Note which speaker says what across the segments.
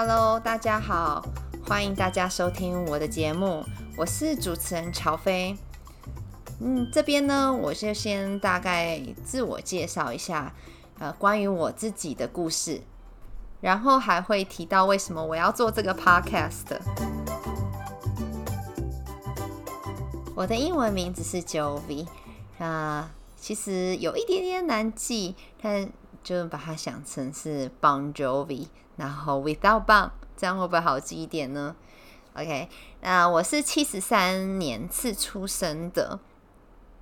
Speaker 1: Hello，大家好，歡迎大家收聽我的節目，我是主持人喬飛。嗯，這邊呢，我就先大概自我介紹一下，呃，關於我自己的故事，然後還會提到為什麼我要做這個 podcast。我的英文名字是 Jovy 啊、呃，其實有一點點難記，但。就把它想成是 Bon Jovi，然後 Without Bon 這樣會不會好記一點呢？OK，那我是七十三年次出生的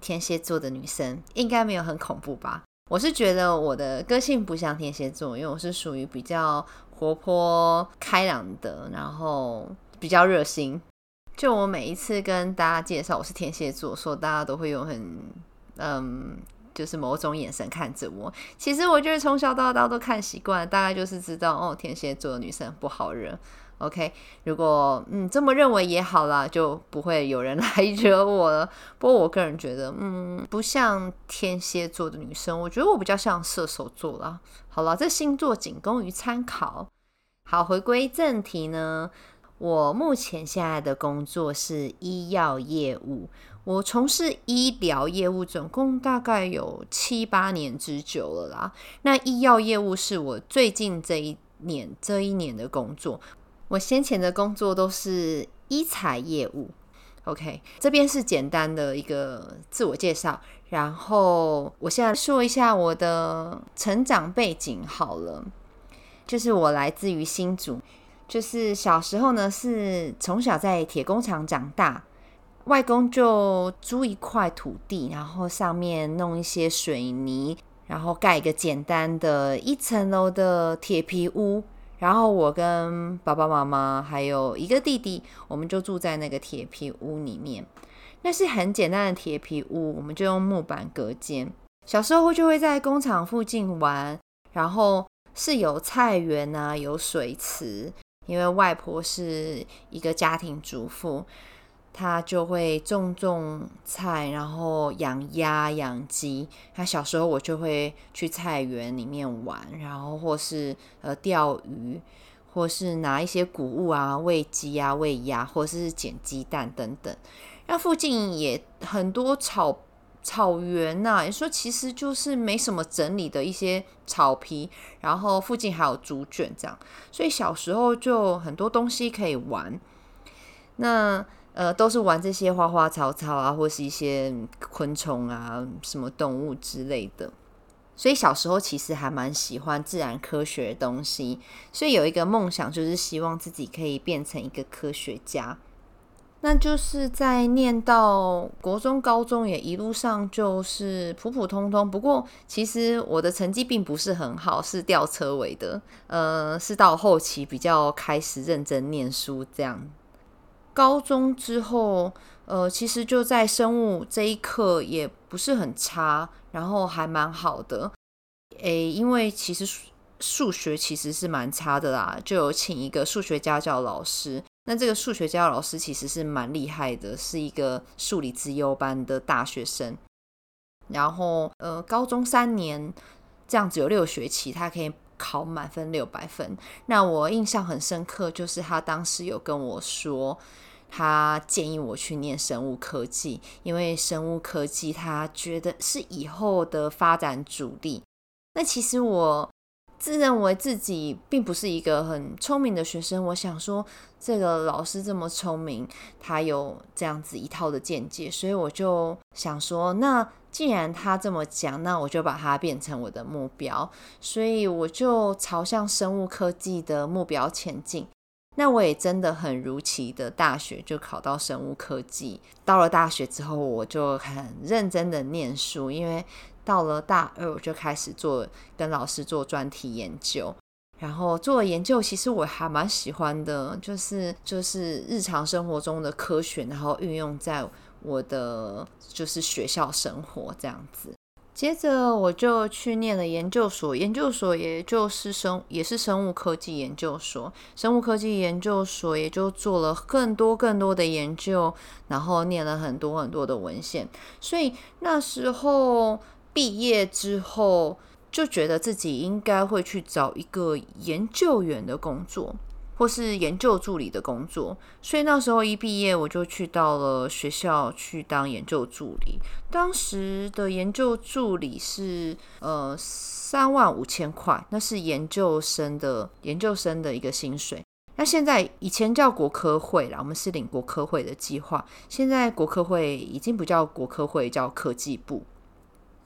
Speaker 1: 天蠍座的女生，應該沒有很恐怖吧？我是覺得我的個性不像天蠍座，因為我是屬於比較活潑開朗的，然後比較熱心。就我每一次跟大家介紹我是天蠍座，所以大家都會有很嗯。就是某種眼神看着我，其實我覺得從小到大都看習慣，大概就是知道哦，天蠍座的女生不好惹。OK，如果嗯這麼認為也好啦，就不會有人來惹我了。 不過我個人覺得，嗯，不像天蠍座的女生，我覺得我比較像射手座啦。好了，這星座僅供於參考。好，回歸正題呢，我目前現在的工作是醫藥業務。我從事醫療業務總共大概有七八年之久了啦。那醫藥業務是我最近這一年這一年的工作。我先前的工作都是醫材業務。OK，這邊是簡單的一個自我介紹。然後我現在說一下我的成長背景好了，就是我來自於新竹，就是小時候呢是從小在鐵工廠長大。外公就租一塊土地，然後上面弄一些水泥，然後蓋一個簡單的一層樓的鐵皮屋。然後我跟爸爸媽媽還有一個弟弟，我們就住在那個鐵皮屋裡面。那是很簡單的鐵皮屋，我們就用木板隔間。小時候就會在工廠附近玩，然後是有菜園啊，有水池。因為外婆是一個家庭主婦。他就會種種菜，然後養鴨、養雞。他小時候我就會去菜園裡面玩，然後或是呃釣魚，或是拿一些穀物啊餵雞啊、餵鴨，或是撿雞蛋等等。那附近也很多草草原吶、啊，也說其實就是沒什麼整理的一些草皮，然後附近還有豬圈這樣，所以小時候就很多東西可以玩。那。呃，都是玩這些花花草草啊，或是一些昆蟲啊、什麼動物之類的。所以小時候其實還蠻喜歡自然科學的東西，所以有一個夢想就是希望自己可以變成一個科學家。那就是在念到國中、高中也一路上就是普普通通，不過其實我的成績並不是很好，是吊車尾的。呃，是到後期比較開始認真念書這樣。高中之後，呃，其實就在生物這一課也不是很差，然後還蠻好的。誒、欸，因為其實數學其實是蠻差的啦，就有請一個數學家教老師。那這個數學家教老師其實是蠻厲害的，是一個數理資優班的大學生。然後，呃，高中三年這樣子有六學期，他可以。考滿分六百分。那我印象很深刻，就是他當時有跟我說，他建議我去念生物科技，因為生物科技他覺得是以後的發展主力。那其實我。自認為自己並不是一個很聰明的學生，我想說這個老師這麼聰明，他有這樣子一套的見解，所以我就想說，那既然他這麼講，那我就把它變成我的目標，所以我就朝向生物科技的目標前進。那我也真的很如期的大學就考到生物科技。到了大學之後，我就很認真的念書，因為……到了大二，我就開始做跟老師做專題研究，然後做了研究，其實我還蠻喜歡的，就是就是日常生活中的科學，然後運用在我的就是學校生活這樣子。接着我就去念了研究所，研究所也就是生也是生物科技研究所，生物科技研究所也就做了更多更多的研究，然後念了很多很多的文獻，所以那時候。畢業之後就覺得自己應該會去找一個研究員的工作，或是研究助理的工作。所以那時候一畢業，我就去到了學校去當研究助理。當時的研究助理是呃三萬五千塊，那是研究生的研究生的一個薪水。那現在以前叫國科會啦，我們是領國科會的計劃。現在國科會已經不叫國科會，叫科技部。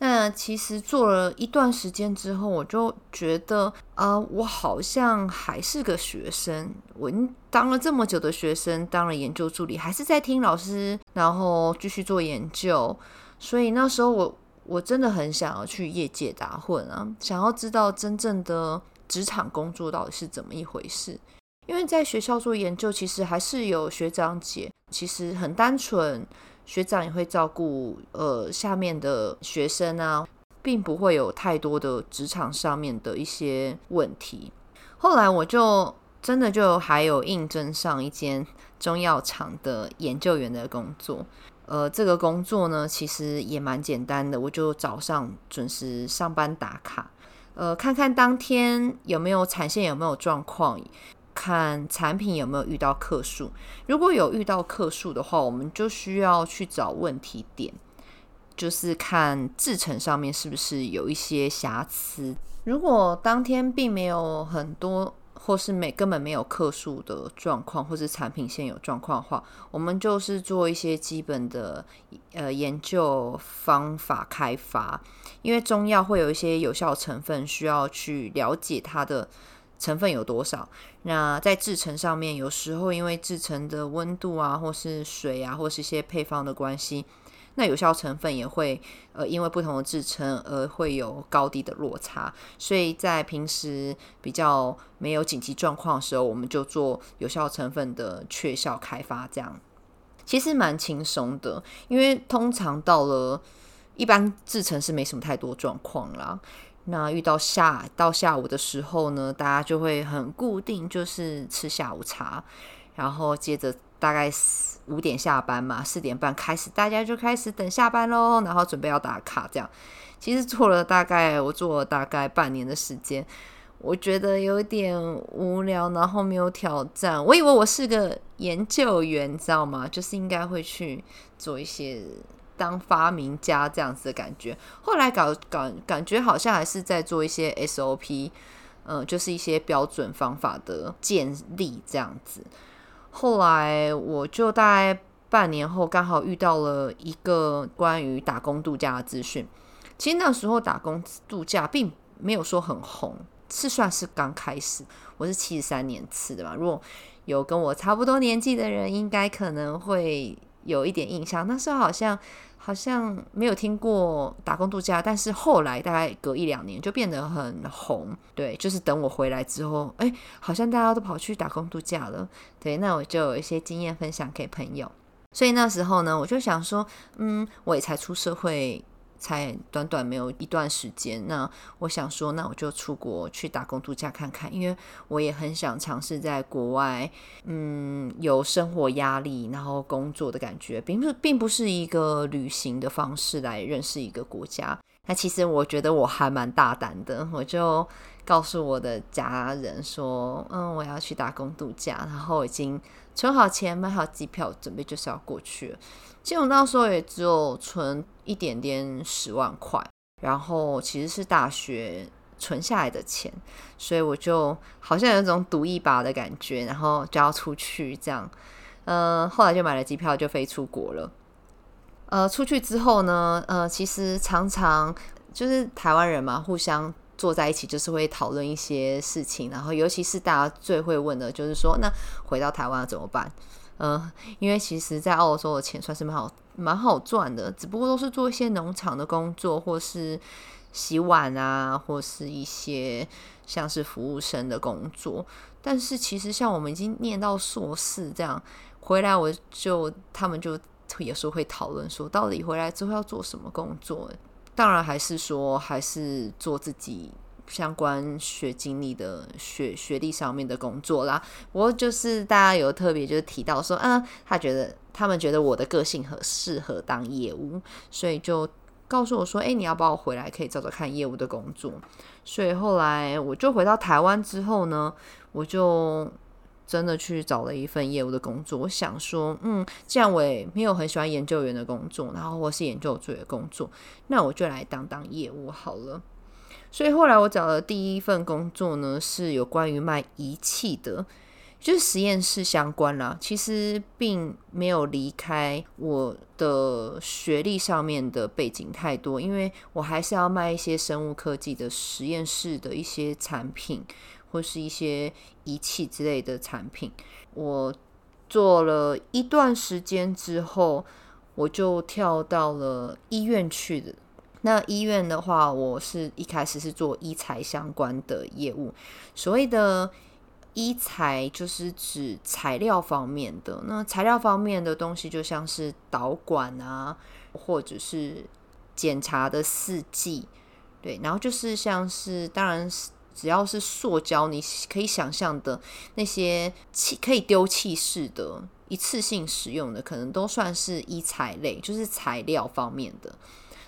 Speaker 1: 那、嗯、其實做了一段時間之後，我就覺得啊、呃，我好像還是個學生。我當了這麼久的學生，當了研究助理，還是在聽老師，然後繼續做研究。所以那時候我我真的很想要去業界打混啊，想要知道真正的職場工作到底是怎麼一回事。因為在學校做研究，其實還是有學長姐，其實很單純。學長也會照顧呃，下面的學生啊，並不會有太多的職場上面的一些問題。後來我就真的就還有應徵上一間中藥廠的研究員的工作，呃，這個工作呢，其實也蠻簡單的，我就早上準時上班打卡，呃，看看當天有沒有產線，有沒有狀況。看產品有沒有遇到客訴，如果有遇到客訴的話，我們就需要去找問題點，就是看製程上面是不是有一些瑕疵。如果當天並沒有很多，或是每根本沒有客訴的狀況，或是產品現有狀況的話，我們就是做一些基本的呃研究方法開發，因為中藥會有一些有效成分需要去了解它的。成分有多少？那在製成上面，有時候因為製成的溫度啊，或是水啊，或是一些配方的關係，那有效成分也會呃，因為不同的製成而會有高低的落差。所以在平時比較沒有緊急狀況的時候，我們就做有效成分的確效開發，這樣其實蠻輕鬆的。因為通常到了一般製成是沒什麼太多狀況啦。那遇到下到下午的時候呢，大家就會很固定，就是吃下午茶，然後接着大概四五點下班嘛，四點半開始大家就開始等下班嘍，然後準備要打卡這樣。其實做了大概我做了大概半年的時間，我覺得有點無聊，然後沒有挑戰。我以為我是個研究員，你知道嗎？就是應該會去做一些。當發明家這樣子的感覺，後來搞搞感覺好像還是在做一些 SOP，嗯、呃，就是一些標準方法的建立這樣子。後來我就大概半年後，剛好遇到了一個關於打工度假的資訊。其實那時候打工度假並沒有說很紅，是算是剛開始。我是七十三年次的嘛，如果有跟我差不多年紀的人，應該可能會有一點印象。那時候好像。好像沒有聽過打工度假，但是後來大概隔一兩年就變得很紅。對，就是等我回來之後，哎，好像大家都跑去打工度假了。對，那我就有一些經驗分享給朋友。所以那時候呢，我就想說，嗯，我也才出社會。才短短沒有一段時間，那我想說，那我就出國去打工度假看看，因為我也很想嘗試在國外，嗯，有生活壓力，然後工作的感覺，並不是並不是一個旅行的方式來認識一個國家。那其實我覺得我還蠻大膽的，我就。告訴我的家人說：“嗯，我要去打工度假，然後已經存好錢，買好機票，準備就是要過去了。結果那時候也只有存一點點十萬塊，然後其實是大學存下來的錢，所以我就好像有種賭一把的感覺，然後就要出去這樣。嗯、呃，後來就買了機票，就飛出國了。呃，出去之後呢，呃，其實常常就是台灣人嘛，互相。”坐在一起就是會討論一些事情，然後尤其是大家最會問的就是說，那回到台灣怎麼辦？嗯、呃，因為其實，在澳洲的錢算是蠻好、蠻好賺的，只不過都是做一些農場的工作，或是洗碗啊，或是一些像是服務生的工作。但是其實，像我們已經念到碩士這樣回來，我就他們就也是會討論說，到底回來之後要做什麼工作？當然，還是說，還是做自己相關學經歷的學學歷上面的工作啦。我就是大家有特別就是提到說，嗯，他覺得他們覺得我的個性很適合當業務，所以就告訴我說，哎、欸，你要不要回來可以找找看業務的工作？所以後來我就回到台灣之後呢，我就。真的去找了一份業務的工作，我想說，嗯，既然我也沒有很喜歡研究員的工作，然後或是研究組的工作，那我就來當當業務好了。所以後來我找的第一份工作呢，是有關於賣儀器的，就是實驗室相關啦。其實並沒有離開我的學歷上面的背景太多，因為我還是要賣一些生物科技的實驗室的一些產品。或是一些儀器之類的產品，我做了一段時間之後，我就跳到了醫院去的。那醫院的話，我是一開始是做醫材相關的業務。所謂的醫材，就是指材料方面的。那材料方面的東西，就像是導管啊，或者是檢查的試劑，對，然後就是像是，當然是。只要是塑膠，你可以想象的那些氣可以丟棄式的、一次性使用的，可能都算是醫材類，就是材料方面的。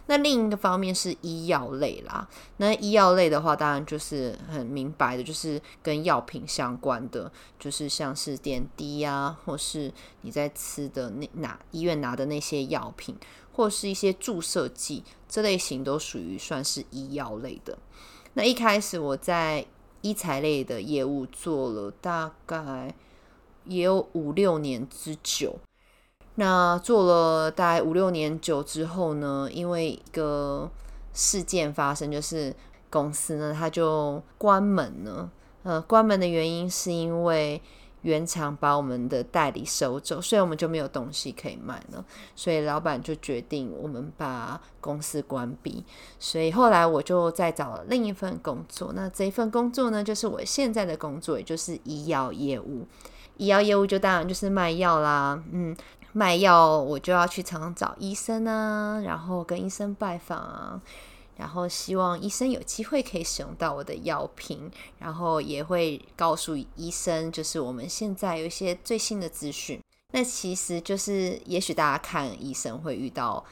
Speaker 1: 那另一個方面是醫藥類啦。那醫藥類的話，當然就是很明白的，就是跟藥品相關的，就是像是點滴啊，或是你在吃的那拿醫院拿的那些藥品，或是一些注射劑，這類型都屬於算是醫藥類的。那一開始我在醫材類的業務做了大概也有五六年之久，那做了大概五六年久之後呢，因為一個事件發生，就是公司呢它就關門了。呃，關門的原因是因為。原廠把我們的代理收走，所以我們就沒有東西可以賣了，所以老闆就決定我們把公司關閉。所以後來我就再找了另一份工作，那這一份工作呢，就是我現在的工作，也就是醫藥業務。醫藥業務就當然就是賣藥啦，嗯，賣藥我就要去常常找醫生啊，然後跟醫生拜訪啊。然後希望醫生有機會可以使用到我的藥品，然後也會告訴醫生，就是我們現在有一些最新的資訊。那其實就是，也許大家看醫生會遇到，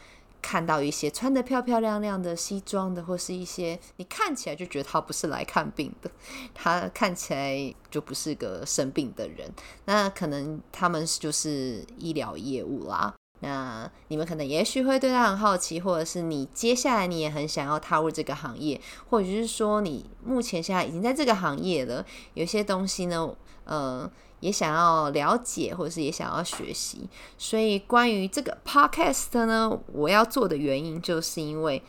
Speaker 1: 看到一些穿得漂漂亮亮的西裝的，或是一些你看起來就覺得他不是來看病的，他看起來就不是個生病的人。那可能他們就是醫療業務啦。那你們可能也許會對他很好奇，或者是你接下來你也很想要踏入這個行業，或者是說你目前現在已經在這個行業了，有些東西呢，呃，也想要了解，或者是也想要學習。所以關於這個 podcast 呢，我要做的原因，就是因為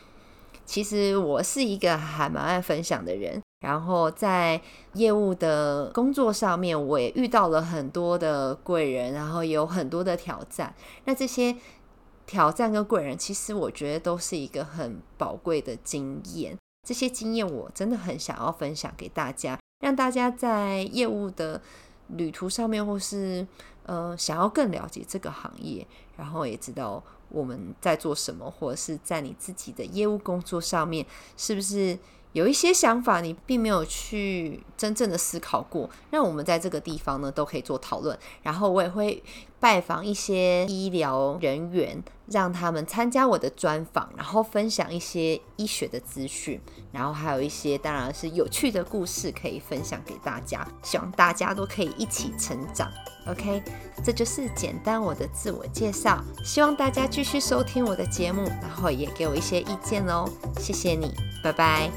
Speaker 1: 其實我是一個還蠻愛分享的人。然後在業務的工作上面，我也遇到了很多的貴人，然後也有很多的挑戰。那這些挑戰跟貴人，其實我覺得都是一個很寶貴的經驗。這些經驗我真的很想要分享給大家，讓大家在業務的旅途上面，或是呃想要更了解這個行業，然後也知道我們在做什麼，或者是在你自己的業務工作上面是不是。有一些想法，你並沒有去真正的思考過。那我們在這個地方呢，都可以做討論。然後我也會。拜訪一些醫療人員，讓他們參加我的專訪，然後分享一些醫學的資訊，然後還有一些當然是有趣的故事可以分享給大家。希望大家都可以一起成長。OK，這就是簡單我的自我介紹。希望大家繼續收聽我的節目，然後也給我一些意見哦。謝謝你，拜拜。